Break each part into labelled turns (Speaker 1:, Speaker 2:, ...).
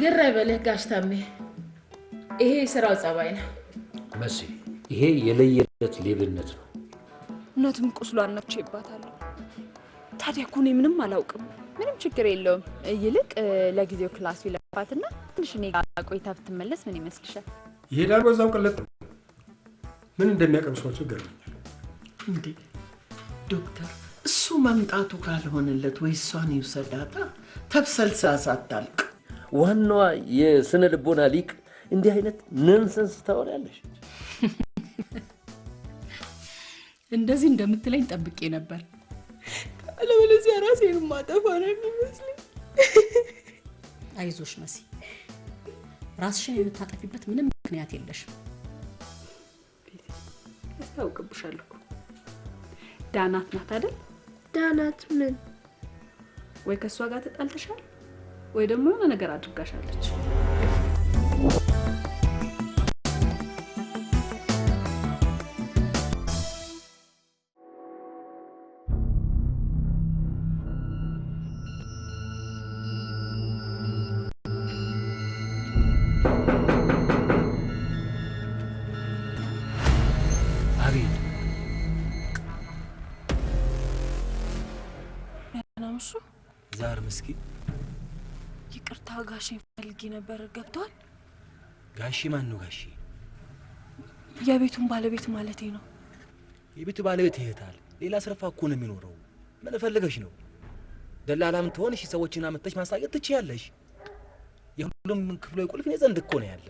Speaker 1: ግራ ይበልህ ጋሽ ታሜ፣ ይሄ የስራው ጸባይ ነው።
Speaker 2: መሲ፣ ይሄ የለየለት ሌብነት ነው።
Speaker 1: እናትም ቁስሏን ናቸው ይባታሉ። ታዲያ እኮ እኔ ምንም አላውቅም። ምንም ችግር የለውም። ይልቅ ለጊዜው ክላሱ ይለፋትና ትንሽ እኔ ጋር ቆይታ ብትመለስ ምን ይመስልሻል?
Speaker 2: ይሄዳል። በዛው ቀለጥ ምን እንደሚያቀምሷቸው ይገርመኛል።
Speaker 3: እንዴ ዶክተር፣ እሱ መምጣቱ ካልሆነለት ወይ እሷን ይውሰዳታ ተብሰልሳ ተብሰልሳሳታል
Speaker 2: ዋናዋ የስነ ልቦና ሊቅ እንዲህ አይነት ነንሰንስ ታወሪያለሽ።
Speaker 1: እንደዚህ እንደምትለኝ ጠብቄ ነበር። አለበለዚያ ራሴን ማጠፋ ነው የሚመስለኝ።
Speaker 4: አይዞሽ መሲ፣ ራስሽን የምታጠፊበት ምንም ምክንያት የለሽም።
Speaker 1: አስታውቅብሻለሁ። ዳናት ናት አይደል? ዳናት ምን
Speaker 4: ወይ ከእሷ ጋር ተጣልተሻል? ወይ ደግሞ የሆነ ነገር አድርጋሻለች
Speaker 1: ነበር። ገብቷል።
Speaker 2: ጋሺ ማን ነው? ጋሺ
Speaker 1: የቤቱን ባለቤት ማለቴ ነው።
Speaker 2: የቤቱ ባለቤት ይሄታል። ሌላ ስርፋ እኮ ነው የሚኖረው። ምን ፈልገሽ ነው? ደላላም ትሆን እሺ፣ ሰዎችን አመጥተሽ ማሳየት ትችያለሽ። የሁሉም ክፍሎ ቁልፍ እኔ ዘንድ እኮ ነው ያለ።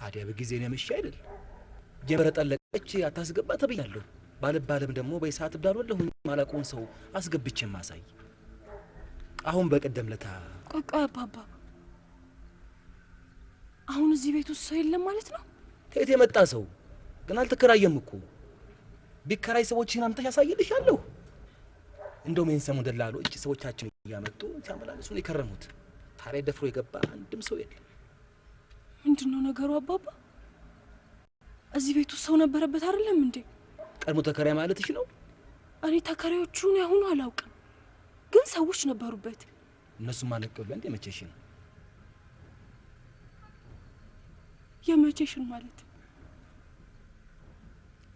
Speaker 2: ሀዲያ በጊዜ ነው መሽ አይደል? ጀመረ ጠለቀች አታስገባ ተብያለሁ። ባልባልም ደግሞ በሰዓት እብዳለሁ። ማላውቀውን ሰው አስገብቼ ማሳይ አሁን በቀደም ለታ
Speaker 1: ቆቃ አባባ አሁን እዚህ ቤት ውስጥ ሰው የለም ማለት ነው?
Speaker 2: ከየት የመጣ ሰው ግን አልተከራየም እኮ ቢከራይ ሰዎችን አምጥተሽ ያሳይልሻለሁ። እንደውም ይህን ሰሞን እጅ ሰዎቻችን እያመጡ ሲያመላልሱ ነው የከረሙት። ታዲያ ደፍሮ የገባ አንድም ሰው የለም።
Speaker 1: ምንድን ነው ነገሩ አባባ? እዚህ ቤት ውስጥ ሰው ነበረበት አይደለም እንዴ?
Speaker 2: ቀድሞ ተከራይ ማለትሽ ነው?
Speaker 1: እኔ ተከራዮቹን ያሁኑ አላውቅም፣ ግን ሰዎች ነበሩበት።
Speaker 2: እነሱም አለቀሉ እንዴ መቼሽ ነው
Speaker 1: የመቼሽን ማለት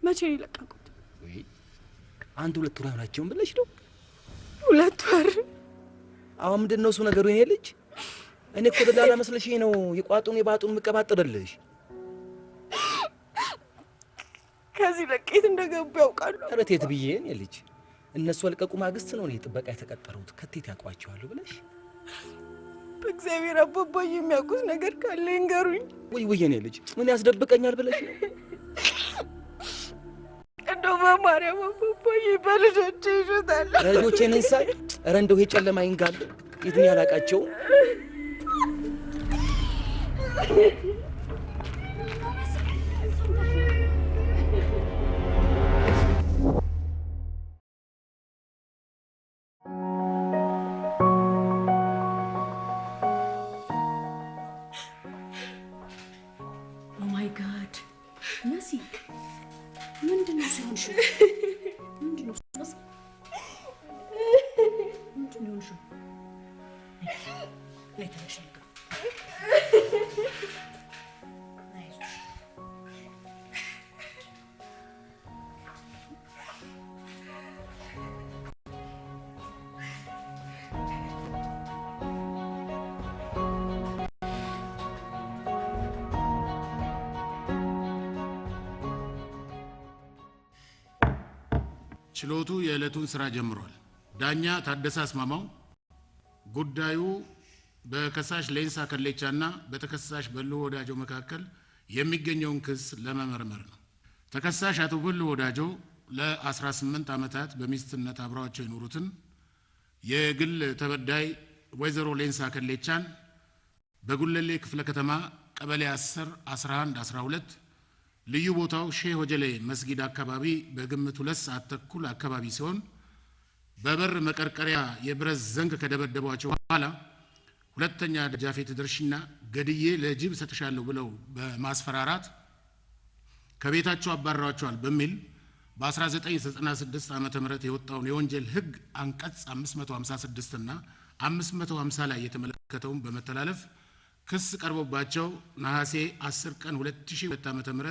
Speaker 1: መቼ ነው የለቀቁት?
Speaker 2: አንድ ሁለት ወር አይሆናቸውም ብለሽ ነው? ሁለት ወር አሁን ምንድን ነው እሱ ነገሩ? ይሄ ልጅ እኔ እኮ ደላላ መስለሽ ነው የቋጡን የባጡን የምቀባጥርልሽ።
Speaker 1: ከዚህ ለቄት እንደገቡ ያውቃሉ?
Speaker 2: ኧረ ቴት ብዬ እኔ ልጅ እነሱ አልቀቁ ማግስት ነው እኔ ጥበቃ የተቀጠሩት። ከቴት ያውቋቸዋሉ ብለሽ
Speaker 1: በእግዚአብሔር አባባ የሚያውቁት ነገር ካለ ይንገሩኝ።
Speaker 2: ወይ ወይ የኔ ልጅ ምን ያስደብቀኛል ብለሽ ነው?
Speaker 1: እንደው በማርያም አባባዬ በልጆቼ ይሾታል።
Speaker 2: ልጆቼን እንሳይ። ኧረ እንደው ይሄ ጨለማ ይንጋል። የትን ያላቃቸው
Speaker 5: ችሎቱ የዕለቱን ስራ ጀምሯል። ዳኛ ታደሰ አስማማው ጉዳዩ በከሳሽ ሌንሳ ከሌቻ በተከሳሽ በሉ ወዳጆ መካከል የሚገኘውን ክስ ለመመርመር ነው። ተከሳሽ አቶ በሉ ወዳጆ ለ18 ዓመታት በሚስትነት አብረዋቸው የኖሩትን የግል ተበዳይ ወይዘሮ ሌንሳ ከሌቻን በጉለሌ ክፍለ ከተማ ቀበሌ 10 11 12 ልዩ ቦታው ሼህ ወጀሌ መስጊድ አካባቢ በግምት ሁለት ሰዓት ተኩል አካባቢ ሲሆን በበር መቀርቀሪያ የብረት ዘንግ ከደበደቧቸው በኋላ ሁለተኛ ጃፌት ድርሽና ገድዬ ለጅብ ሰጥሻለሁ ብለው በማስፈራራት ከቤታቸው አባራቸዋል በሚል በ1996 ዓ ም የወጣውን የወንጀል ህግ አንቀጽ 556 እና 550 ላይ የተመለከተውን በመተላለፍ ክስ ቀርቦባቸው ነሐሴ 10 ቀን 2002 ዓ ም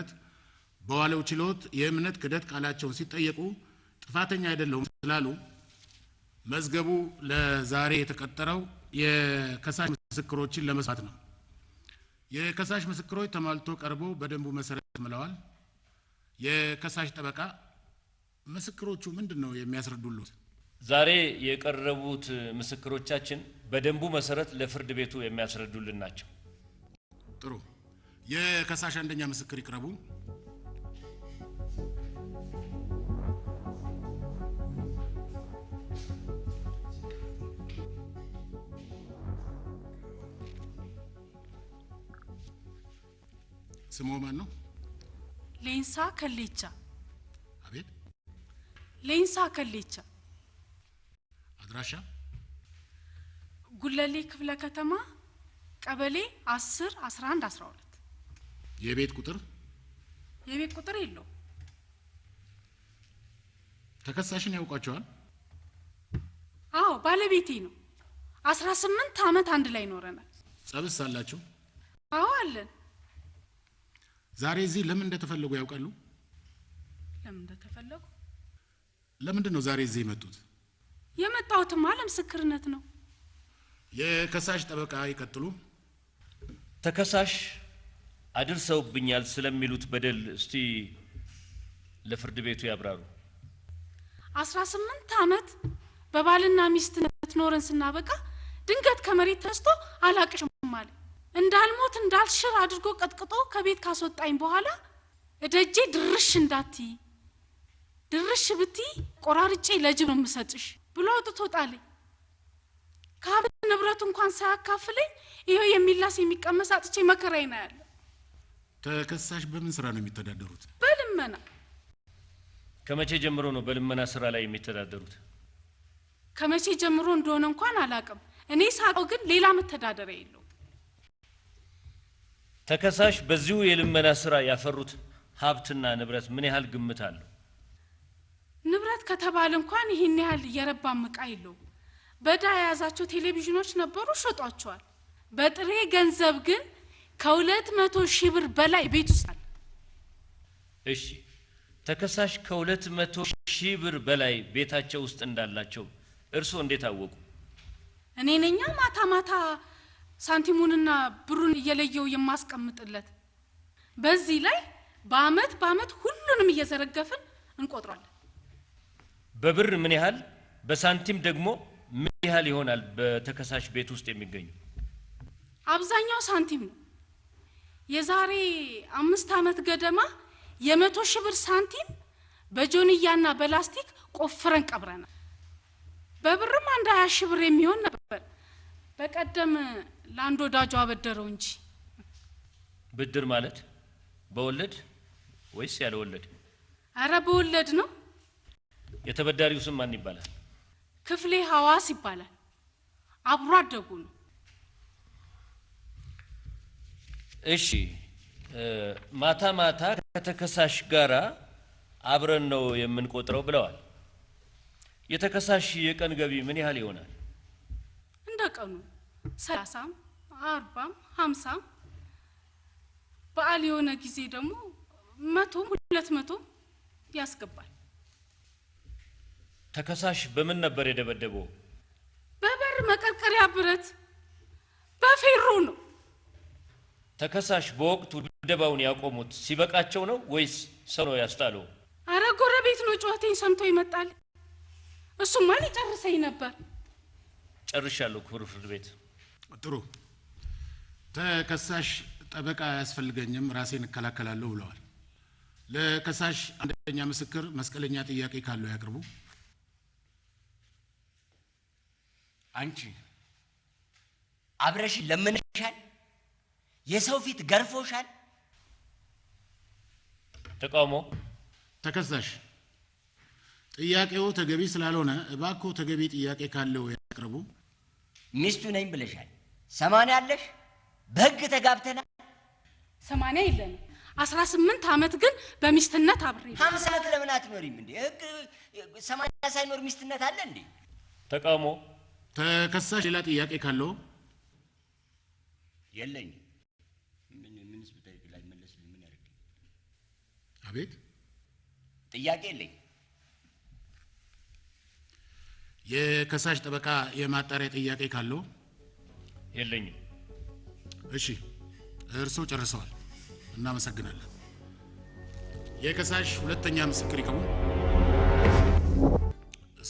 Speaker 5: በዋለው ችሎት የእምነት ክደት ቃላቸውን ሲጠየቁ ጥፋተኛ አይደለሁም ስላሉ መዝገቡ ለዛሬ የተቀጠረው የከሳሽ ምስክሮችን ለመስማት ነው። የከሳሽ ምስክሮች ተሟልቶ ቀርቦ በደንቡ መሰረት ምለዋል። የከሳሽ ጠበቃ ምስክሮቹ ምንድን ነው የሚያስረዱሉት?
Speaker 6: ዛሬ የቀረቡት ምስክሮቻችን በደንቡ መሰረት ለፍርድ ቤቱ የሚያስረዱልን ናቸው።
Speaker 2: ጥሩ። የከሳሽ አንደኛ ምስክር ይቅረቡ። ስሙ ማን ነው?
Speaker 1: ሌንሳ ከሌቻ። አቤት። ሌንሳ ከሌቻ። አድራሻ ጉለሌ ክፍለ ከተማ ቀበሌ 10 11 12። የቤት ቁጥር የቤት ቁጥር የለው።
Speaker 2: ተከሳሽን ያውቋቸዋል?
Speaker 1: አዎ ባለቤቴ ነው። 18 አመት አንድ ላይ ኖረናል።
Speaker 2: ጸብስ አላችሁ? አዎ አለን። ዛሬ እዚህ ለምን እንደተፈለጉ ያውቃሉ?
Speaker 1: ለምን እንደተፈለጉ
Speaker 2: ለምንድን ነው ዛሬ እዚህ የመጡት?
Speaker 1: የመጣሁትማ ለምስክርነት ነው።
Speaker 2: የከሳሽ ጠበቃ ይቀጥሉ።
Speaker 6: ተከሳሽ አድርሰውብኛል ስለሚሉት በደል እስቲ ለፍርድ ቤቱ ያብራሩ።
Speaker 1: አስራ ስምንት አመት በባልና ሚስትነት ኖረን ስናበቃ ድንገት ከመሬት ተነስቶ አላቅሽም አለ። እንዳልሞት እንዳልሽር አድርጎ ቀጥቅጦ ከቤት ካስወጣኝ በኋላ እደጄ ድርሽ እንዳትይ ድርሽ ብቲ ቆራርጬ ለጅብ ነው የምሰጥሽ ብሎ አውጥቶ ጣለኝ። ከሀብት ንብረቱ እንኳን ሳያካፍለኝ ይኸው የሚላስ የሚቀመስ አጥቼ መከራ ነው ያለ።
Speaker 2: ተከሳሽ በምን ስራ ነው የሚተዳደሩት?
Speaker 1: በልመና።
Speaker 6: ከመቼ ጀምሮ ነው በልመና ስራ ላይ የሚተዳደሩት?
Speaker 1: ከመቼ ጀምሮ እንደሆነ እንኳን አላውቅም። እኔ ሳውቀው ግን ሌላ መተዳደሪያ የለው
Speaker 6: ተከሳሽ በዚሁ የልመና ስራ ያፈሩት ሀብትና ንብረት ምን ያህል ግምት አለው?
Speaker 1: ንብረት ከተባለ እንኳን ይህን ያህል እየረባም እቃ የለው። በዳ የያዛቸው ቴሌቪዥኖች ነበሩ፣ ሸጧቸዋል። በጥሬ ገንዘብ ግን ከሁለት መቶ ሺህ ብር በላይ ቤት ውስጥ አለ።
Speaker 6: እሺ ተከሳሽ ከሁለት መቶ ሺህ ብር በላይ ቤታቸው ውስጥ እንዳላቸው እርስዎ እንዴት አወቁ?
Speaker 1: እኔ ነኛ ማታ ማታ ሳንቲሙንና ብሩን እየለየው የማስቀምጥለት። በዚህ ላይ በአመት በአመት ሁሉንም እየዘረገፍን እንቆጥሯለን።
Speaker 6: በብር ምን ያህል በሳንቲም ደግሞ ምን ያህል ይሆናል? በተከሳሽ ቤት ውስጥ የሚገኙ
Speaker 1: አብዛኛው ሳንቲም ነው። የዛሬ አምስት አመት ገደማ የመቶ ሺህ ብር ሳንቲም በጆንያና በላስቲክ ቆፍረን ቀብረናል። በብርም አንድ ሀያ ሺህ ብር የሚሆን ነበር። በቀደም ለአንድ ወዳጁ አበደረው እንጂ።
Speaker 6: ብድር ማለት በወለድ ወይስ ያለ ወለድ?
Speaker 1: አረ በወለድ ነው።
Speaker 6: የተበዳሪው ስም ማን ይባላል?
Speaker 1: ክፍሌ ሐዋስ ይባላል። አብሮ አደጉ ነው።
Speaker 6: እሺ፣ ማታ ማታ ከተከሳሽ ጋራ አብረን ነው የምንቆጥረው ብለዋል። የተከሳሽ የቀን ገቢ ምን ያህል ይሆናል?
Speaker 1: እንደ ቀኑ ሰላሳም አርባም ሀምሳም በዓል የሆነ ጊዜ ደግሞ መቶም ሁለት መቶ ያስገባል።
Speaker 6: ተከሳሽ በምን ነበር የደበደበው?
Speaker 1: በበር መቀርቀሪያ ብረት በፌሮ ነው።
Speaker 6: ተከሳሽ በወቅቱ ድብደባውን ያቆሙት ሲበቃቸው ነው ወይስ ሰው ነው ያስጣለው?
Speaker 1: አረ ጎረቤት ነው ጩኸቴን ሰምቶ ይመጣል። እሱማ ሊጨርሰኝ ነበር።
Speaker 6: ጨርሻለሁ ክቡር ፍርድ ቤት።
Speaker 2: ጥሩ ተከሳሽ ጠበቃ አያስፈልገኝም ራሴን እከላከላለሁ ብለዋል። ለከሳሽ አንደኛ ምስክር መስቀለኛ ጥያቄ ካለው ያቅርቡ።
Speaker 6: አንቺ
Speaker 4: አብረሽ ለምንሻል፣ የሰው ፊት ገርፎሻል።
Speaker 6: ተቃውሞ
Speaker 2: ተከሳሽ ጥያቄው ተገቢ ስላልሆነ እባክዎ ተገቢ ጥያቄ ካለው ያቅርቡ።
Speaker 4: ሚስቱ ነኝ ብለሻል። ሰማንያ አለሽ በህግ ተጋብተናል።
Speaker 1: ሰማንያ የለንም። አስራ ስምንት ዓመት ግን በሚስትነት አብሬ
Speaker 4: ሀምሳ ዓመት ለምን አትኖሪም እንዴ? ሕግ ሰማንያ ሳይኖር ሚስትነት አለ እንዴ?
Speaker 6: ተቃውሞ
Speaker 2: ተከሳሽ ሌላ ጥያቄ ካለው
Speaker 4: የለኝም። ላይ ምን አቤት ጥያቄ የለኝ።
Speaker 2: የከሳሽ ጠበቃ የማጣሪያ ጥያቄ ካለው የለኝም። እሺ እርስዎ ጨርሰዋል። እናመሰግናለን። የከሳሽ ሁለተኛ ምስክር ይቀሙ።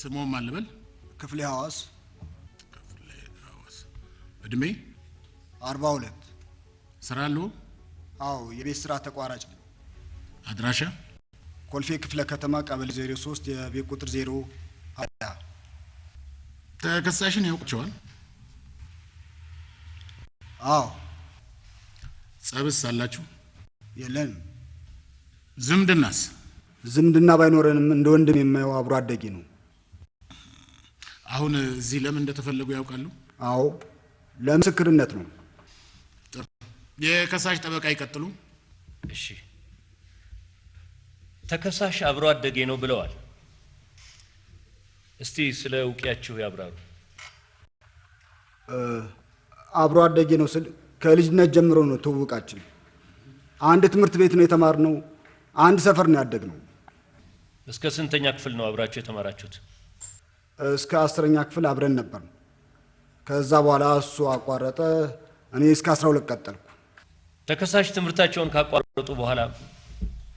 Speaker 2: ስሞም አልበል ክፍለ
Speaker 5: ክፍሌ ሐዋስ። ክፍሌ
Speaker 2: ሐዋስ። እድሜ አርባ ሁለት ስራ አለው?
Speaker 5: አዎ፣ የቤት ስራ ተቋራጭ ነው። አድራሻ ኮልፌ ክፍለ ከተማ ቀበሌ 03 የቤት ቁጥር 0 ሀያ
Speaker 2: ተከሳሽን ያውቁቸዋል? አዎ ጸብስ አላችሁ? የለም። ዝምድናስ?
Speaker 5: ዝምድና ባይኖረንም እንደ ወንድም የማየው አብሮ አደጌ ነው።
Speaker 2: አሁን እዚህ ለምን እንደተፈለጉ ያውቃሉ?
Speaker 5: አዎ፣ ለምስክርነት ነው።
Speaker 2: የከሳሽ ጠበቃ ይቀጥሉ።
Speaker 6: እሺ። ተከሳሽ አብሮ አደጌ ነው ብለዋል። እስቲ ስለ እውቂያችሁ ያብራሩ።
Speaker 5: አብሮ አደጌ ነው ስል ከልጅነት ጀምሮ ነው ትውውቃችን። አንድ ትምህርት ቤት ነው የተማርነው፣ አንድ ሰፈር ነው ያደግነው።
Speaker 6: እስከ ስንተኛ ክፍል ነው አብራችሁ የተማራችሁት?
Speaker 5: እስከ አስረኛ ክፍል አብረን ነበር። ከዛ በኋላ እሱ አቋረጠ፣ እኔ እስከ አስራ ሁለት ቀጠልኩ።
Speaker 6: ተከሳሽ ትምህርታቸውን ካቋረጡ በኋላ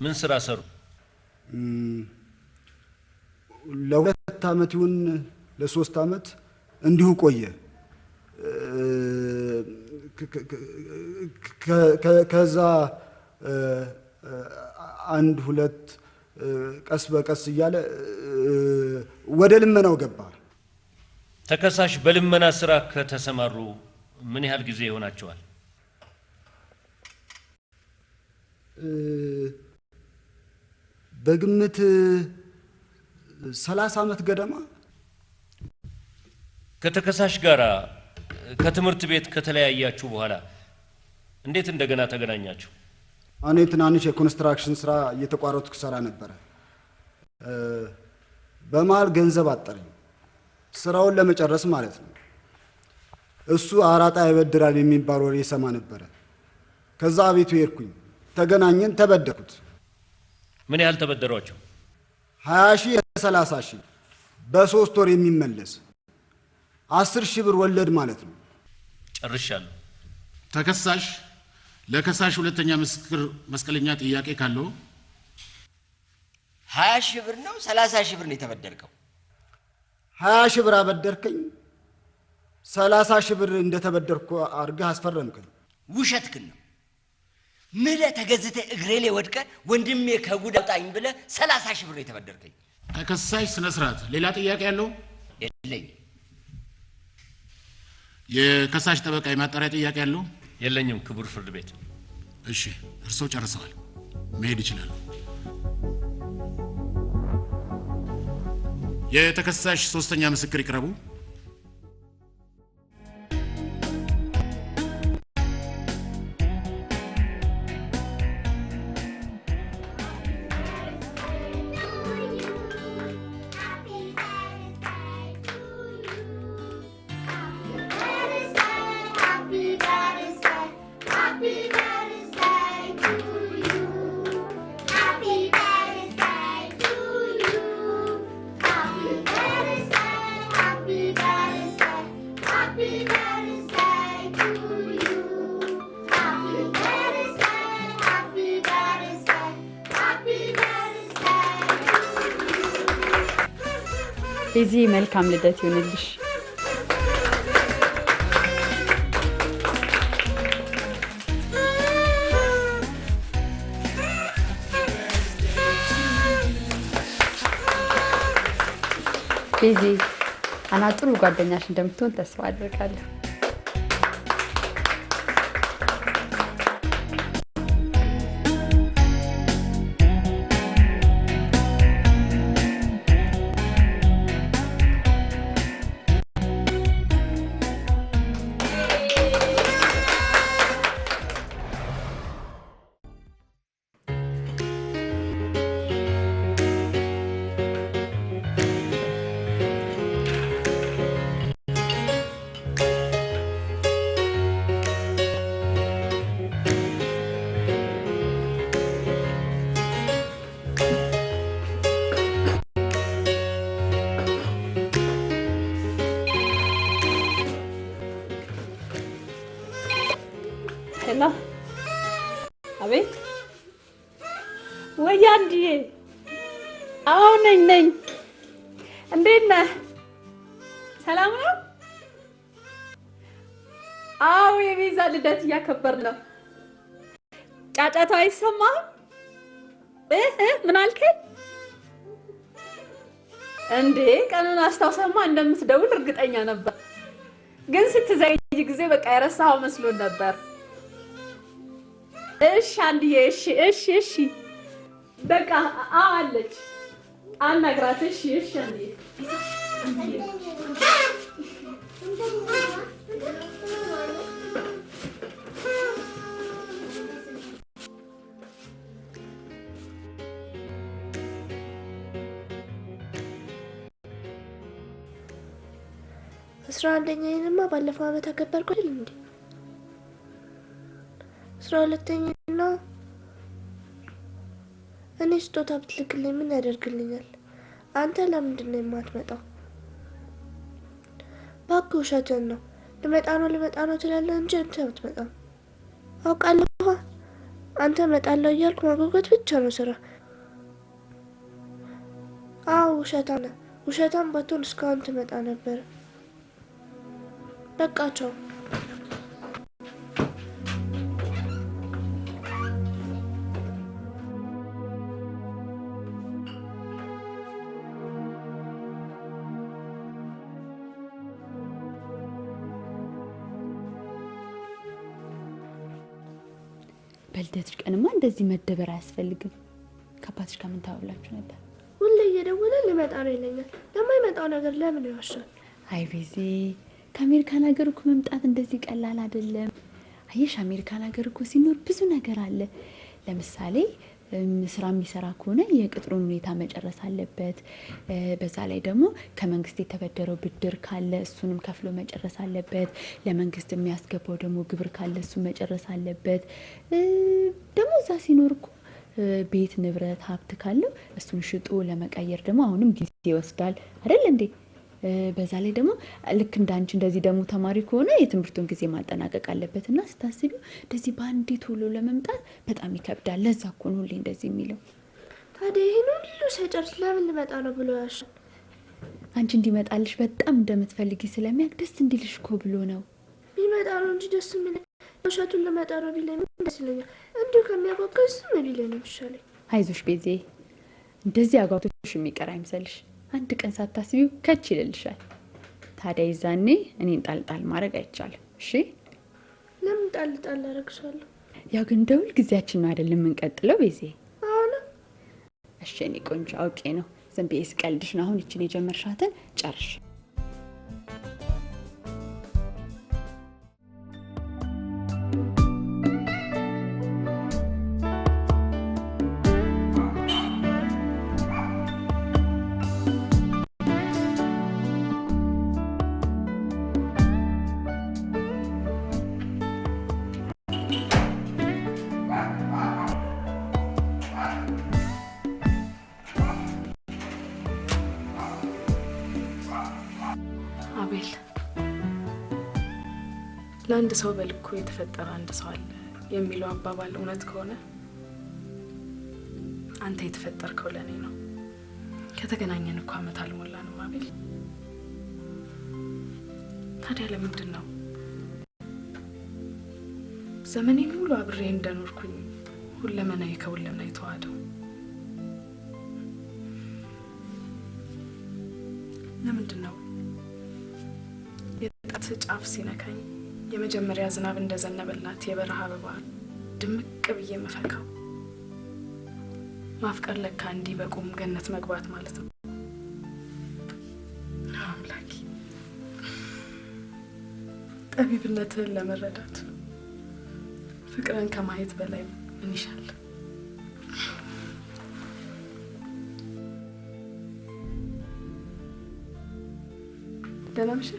Speaker 6: ምን ስራ ሰሩ?
Speaker 5: ለሁለት ዓመት ይሁን ለሶስት ዓመት እንዲሁ ቆየ። ከዛ አንድ ሁለት ቀስ በቀስ እያለ ወደ ልመናው ገባ።
Speaker 6: ተከሳሽ በልመና ስራ ከተሰማሩ ምን ያህል ጊዜ ይሆናቸዋል?
Speaker 5: በግምት ሰላሳ ዓመት ገደማ
Speaker 6: ከተከሳሽ ጋር ከትምህርት ቤት ከተለያያችሁ በኋላ እንዴት እንደገና ተገናኛችሁ?
Speaker 5: እኔ ትናንሽ የኮንስትራክሽን ስራ እየተቋረጥኩ ሰራ ነበረ። በመሀል ገንዘብ አጠረኝ፣ ስራውን ለመጨረስ ማለት ነው። እሱ አራጣ ይበድራል የሚባል ወሬ ሰማ ነበረ። ከዛ ቤቱ ሄድኩኝ፣ ተገናኘን፣ ተበደርኩት።
Speaker 6: ምን ያህል ተበደሯቸው?
Speaker 5: ሀያ ሺህ ሰላሳ ሺህ በሶስት ወር የሚመለስ አስር ሺህ ብር ወለድ ማለት ነው።
Speaker 6: ጨርሻለሁ።
Speaker 2: ተከሳሽ ለከሳሽ ሁለተኛ ምስክር መስቀለኛ ጥያቄ ካለው
Speaker 4: ሀያ ሺህ ብር ነው ሰላሳ ሺህ ብር ነው የተበደርከው?
Speaker 5: ሀያ ሺህ ብር አበደርከኝ፣ ሰላሳ ሺህ ብር እንደተበደርኩ አድርገህ አስፈረምከኝ።
Speaker 4: ውሸትክን ነው ምለ ተገዝተ እግሬ ላይ ወድቀ ወንድሜ ከጉድ አውጣኝ ብለ ሰላሳ ሺህ ብር ነው የተበደርከኝ።
Speaker 2: ተከሳሽ ስነ ስርዓት ሌላ ጥያቄ ያለው የለኝም። የከሳሽ ጠበቃ የማጣሪያ ጥያቄ አለው?
Speaker 6: የለኝም ክቡር ፍርድ ቤት።
Speaker 2: እሺ፣ እርስዎ ጨርሰዋል፣ መሄድ ይችላሉ። የተከሳሽ ሶስተኛ ምስክር ይቅረቡ።
Speaker 7: ዴዚ መልካም ልደት ይሆንልሽ። ዴዚ አና ጥሩ ጓደኛሽ እንደምትሆን ተስፋ አድርጋለሁ። አቤት ወይ አንድዬ፣ አዎ ነኝ ነኝ። እንዴት ነህ? ሰላም ነው? አዎ የቤዛ ልደት እያከበር ነው። ጫጫታው አይሰማህም? እህ ምን አልከኝ እንዴ? ቀኑን አስታውሰማ እንደምትደውል እርግጠኛ ነበር፣ ግን ስትዘይ ጊዜ በቃ የረሳኸው መስሎን ነበር። እሺ አንድዬ፣ እሺ፣ እሺ፣ እሺ፣ በቃ አዎ አለች። አናግራት። እሺ፣ እሺ፣ ባለፈው አመት አከበርኩ አይደል እንዴ? አስራ ሁለተኛ ስጦታ ብትልክልኝ ምን ያደርግልኛል? አንተ ለምንድን ነው የማትመጣው? እባክህ ውሸትን ነው። ልመጣ ነው ልመጣ ነው ትላለህ እንጂ አንተ አትመጣም። አውቃለሁ። አንተ እመጣለሁ እያልኩ ማጓጓት ብቻ ነው ስራ። አዎ ውሸታም ነህ። ውሸታም ባትሆን እስካሁን ትመጣ ነበር። በቃቸው። በልደትሽ ቀንማ እንደዚህ መደበር አያስፈልግም። ከአባትሽ ጋር ምን ታውላችሁ ነበር?
Speaker 1: ሁሌ እየደወለ ልመጣ ነው ይለኛል። ለማይመጣው ነገር ለምን ይዋሻል?
Speaker 7: አይ ቤዜ፣ ከአሜሪካን ሀገር እኮ መምጣት እንደዚህ ቀላል አይደለም። አየሽ፣ አሜሪካን ሀገር እኮ ሲኖር ብዙ ነገር አለ። ለምሳሌ ስራ የሚሰራ ከሆነ የቅጥሩን ሁኔታ መጨረስ አለበት። በዛ ላይ ደግሞ ከመንግስት የተበደረው ብድር ካለ እሱንም ከፍሎ መጨረስ አለበት። ለመንግስት የሚያስገባው ደግሞ ግብር ካለ እሱ መጨረስ አለበት። ደግሞ እዛ ሲኖር እኮ ቤት ንብረት ሀብት ካለው እሱን ሽጦ ለመቀየር ደግሞ አሁንም ጊዜ ይወስዳል አይደል እንዴ? በዛ ላይ ደግሞ ልክ እንዳንቺ እንደዚህ ደግሞ ተማሪ ከሆነ የትምህርቱን ጊዜ ማጠናቀቅ አለበት እና ስታስቢ እንደዚህ በአንዴ ቶሎ ለመምጣት በጣም ይከብዳል። ለዛ እኮ ነው ሁሌ እንደዚህ የሚለው።
Speaker 1: ታዲያ ይህን ሁሉ ሰጨርስ ለምን ልመጣ ነው ብሎ ያሽ
Speaker 7: አንቺ እንዲመጣልሽ በጣም እንደምትፈልጊ ስለሚያውቅ ደስ እንዲልሽ እኮ ብሎ ነው
Speaker 1: ቢመጣ ነው እንጂ ደስ የሚል ውሸቱን ልመጣ ነው ቢለኝ ደስ ይለኛል። እንዲሁ ከሚያጓጓ ስም ቢለኝ ነው ይሻለኝ።
Speaker 7: አይዞሽ ቤዜ እንደዚህ አጓቶሽ የሚቀር አይምሰልሽ። አንድ ቀን ሳታስቢው ከች ይልልሻል። ታዲያ ይዛኔ እኔን ጣልጣል ማድረግ አይቻልም። እሺ
Speaker 1: ለምን ጣልጣል አረግሻለሁ?
Speaker 7: ያው ግን ደውል ጊዜያችን ነው አይደለም የምንቀጥለው። ቤዜ አሁን እሺ፣ እኔ ቆንጆ አውቄ ነው ዝም ብዬ ስቀልድሽ ነው። አሁን ይችን የጀመርሻትን ጨርሽ።
Speaker 1: ለአንድ ሰው በልኩ የተፈጠረ አንድ ሰው አለ የሚለው አባባል እውነት ከሆነ አንተ የተፈጠርከው ለእኔ ነው። ከተገናኘን እኮ ዓመት አልሞላንም አቤል። ታዲያ ለምንድን ነው ዘመኔ ሙሉ አብሬ እንደኖርኩኝ ሁለመናዬ ከሁለመና የተዋደው? ለምንድን ነው የጣት ጫፍ ሲነካኝ የመጀመሪያ ዝናብ እንደዘነበላት የበረሃ አበባ ድምቅ ብዬ መፈካው። ማፍቀር ለካ እንዲህ በቁም ገነት መግባት ማለት ነው። ጠቢብነትህን ለመረዳት ፍቅርን ከማየት በላይ ምን ይሻል? ደህና ነሽ?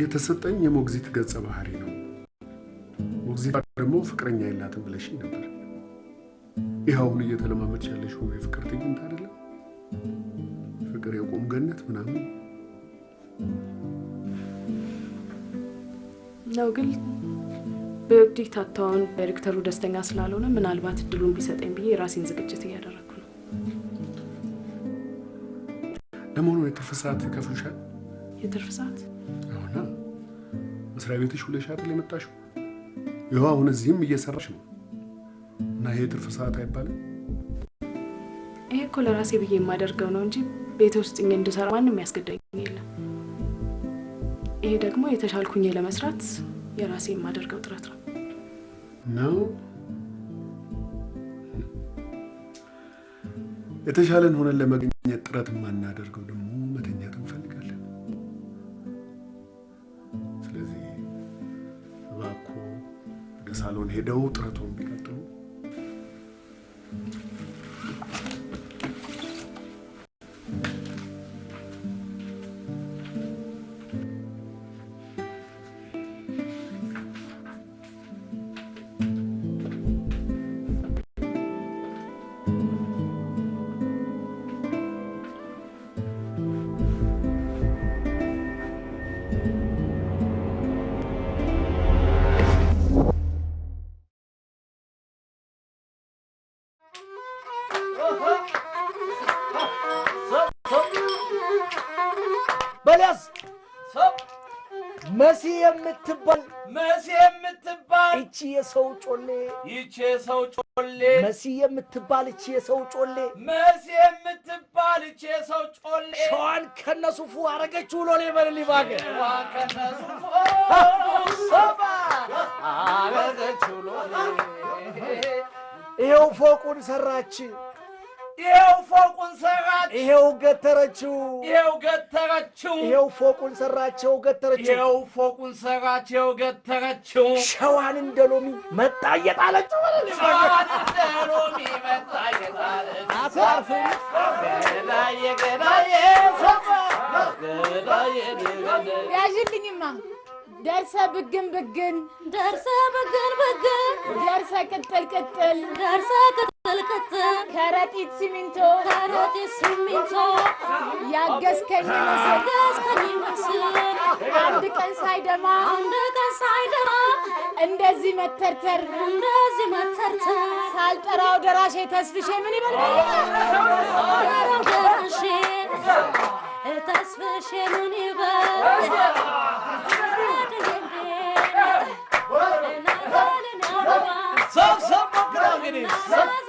Speaker 2: የተሰጠኝ የሞግዚት ገጸ ባህሪ ነው። ሞግዚት ደግሞ ፍቅረኛ የላትም ብለሽ ነበር። ይህ አሁን እየተለማመድሽ ያለሽው የፍቅር ትዕይንት አይደለም። ፍቅር የቁም ገነት ምናምን ነው።
Speaker 1: ግን በእብዴት አታውን ዳይሬክተሩ ደስተኛ ስላልሆነ ምናልባት እድሉን ቢሰጠኝ ብዬ የራሴን ዝግጅት እያደረግኩ ነው።
Speaker 2: ለመሆኑ የትርፍ ሰዓት ይከፍሉሻል? የትርፍ ሰዓት መስሪያ ቤትሽ ሁለሽ አይደል የመጣሽው? ይኸው አሁን እዚህም እየሰራሽ ነው እና ይሄ ትርፍ ሰዓት አይባልም።
Speaker 1: ይሄ እኮ ለራሴ ብዬ የማደርገው ነው እንጂ ቤት ውስጥ እንድሰራ ማንም ያስገደኝ የለም። ይሄ ደግሞ የተሻልኩኝ ለመስራት የራሴ የማደርገው ጥረት ነው
Speaker 2: ነው የተሻለን ሆነን ለመገኘት ጥረት የማናደርገው ደግሞ ሳሎን ሄደው ጥረቱን
Speaker 8: መሲ የምትባል
Speaker 9: መሲ የምትባል
Speaker 8: እቺ የሰው ጮሌ
Speaker 9: ይቺ የሰው ጮሌ
Speaker 8: መሲ የምትባል እቺ የሰው ጮሌ
Speaker 9: መሲ የምትባል እቺ የሰው ጮሌ
Speaker 8: ሸዋን ከነሱፉ አረገች ብሎ ነው ይበልል ይባገ
Speaker 9: አረገች ብሎ
Speaker 8: ይኸው ፎቁን ሰራች
Speaker 9: ይሄው ፎቁን ሰራት።
Speaker 8: ይሄው ገተረችው።
Speaker 9: ይሄው ገተረችው።
Speaker 8: ይሄው ፎቁን ሰራቸው ገተረችው።
Speaker 9: ይሄው ፎቁን ይሄው ገተረችው።
Speaker 8: ሸዋን እንደ ሎሚ መጣ እየጣለችው።
Speaker 7: ያዥልኝማ ደርሰ ብግን ብግን
Speaker 10: ደርሰ ብግን ብግን
Speaker 7: ደርሰ ቅጥል ቅጥል
Speaker 10: ደርሰ መልከት
Speaker 7: ከረጢት ሲሚንቶ
Speaker 10: ከረጢት ሲሚንቶ
Speaker 7: ያገዝከኝ
Speaker 10: ያገዝከኝ መስል
Speaker 7: አንድ ቀን ሳይደማ
Speaker 10: አንድ ቀን ሳይደማ
Speaker 7: እንደዚህ መተርተር
Speaker 10: እንደዚህ መተርተር
Speaker 7: ሳልጠራው ደራሼ ተስፍሼ ምን ይበል
Speaker 10: ተስፍሼ ምን ይበል Some, some, some,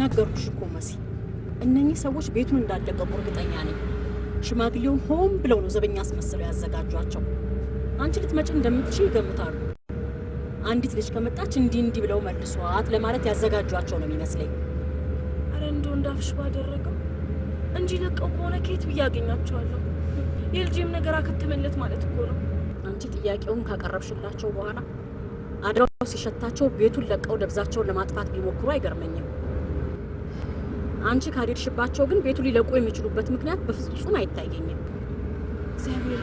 Speaker 4: ነገርኩሽ እኮ መሲ፣ እነኚህ ሰዎች ቤቱን እንዳለቀቁ እርግጠኛ ነኝ። ሽማግሌውን ሆን ብለው ነው ዘበኛ አስመስለው ያዘጋጇቸው። አንቺ ልትመጪ እንደምትችል ይገምታሉ። አንዲት ልጅ ከመጣች እንዲህ እንዲህ ብለው መልሷት ለማለት ያዘጋጇቸው ነው የሚመስለኝ።
Speaker 1: አረ እንደው እንዳፍሽ ባደረገው እንጂ ለቀው ከሆነ ከየት ብዬ አገኛቸዋለሁ? የልጅም ነገር አከተመለት ማለት እኮ ነው።
Speaker 4: አንቺ ጥያቄውን ካቀረብሽላቸው በኋላ አድራው ሲሸታቸው ቤቱን ለቀው ደብዛቸውን ለማጥፋት ቢሞክሩ አይገርመኝም። አንቺ ካደድሽባቸው ግን ቤቱን ሊለቁ የሚችሉበት ምክንያት በፍጹም አይታየኝም። እግዚአብሔር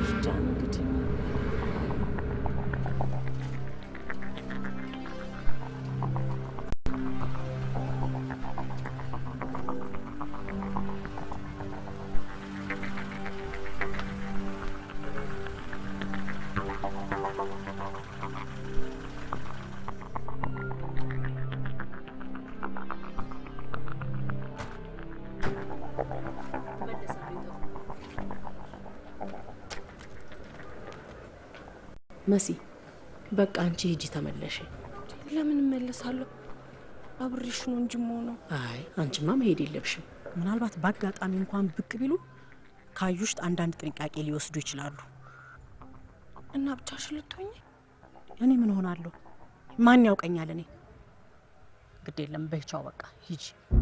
Speaker 4: መሲ በቃ አንቺ ሂጂ ተመለሽ።
Speaker 1: ለምን እመለሳለሁ? አብሬሽ ነው እንጂ መሆኑ።
Speaker 4: አይ አንቺማ መሄድ የለብሽም። ምናልባት በአጋጣሚ እንኳን ብቅ ቢሉ ካዩሽ አንዳንድ ጥንቃቄ ሊወስዱ ይችላሉ።
Speaker 1: እና ብቻሽ ልትሆኝ?
Speaker 4: እኔ ምን ሆናለሁ? ማን ያውቀኛል? እኔ ግድ የለም በይቻው፣ በቃ ሂጂ።